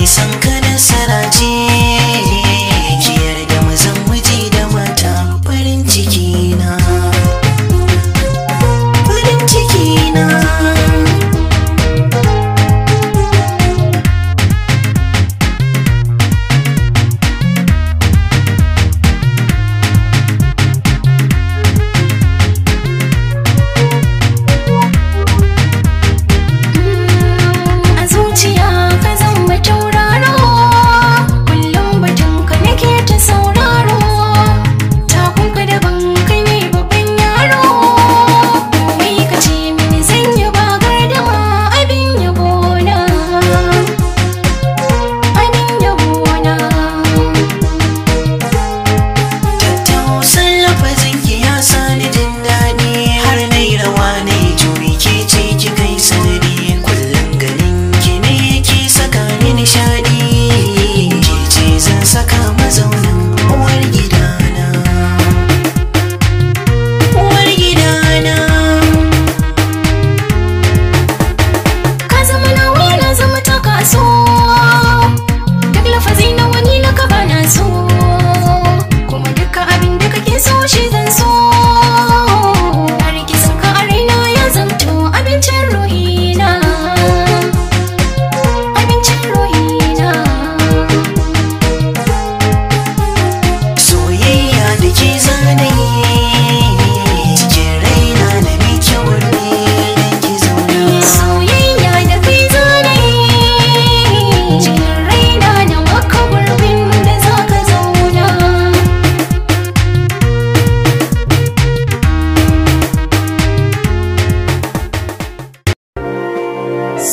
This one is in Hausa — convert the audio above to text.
mai san ka da sarace